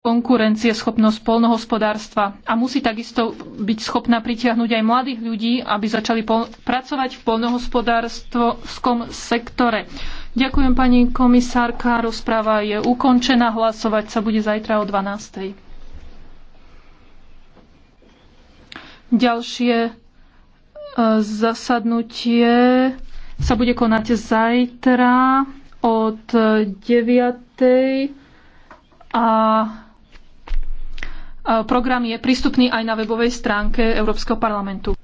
konkurencieschopnosť polnohospodárstva a musí takisto byť schopná pritiahnuť aj mladých ľudí, aby začali pracovať v poľnohospodárskom sektore. Ďakujem pani komisárka, rozpráva je ukončená, hlasovať sa bude zajtra o 12. Ďalšie e, zasadnutie sa bude konať zajtra od 9. a Program je prístupný aj na webovej stránke Európskeho parlamentu.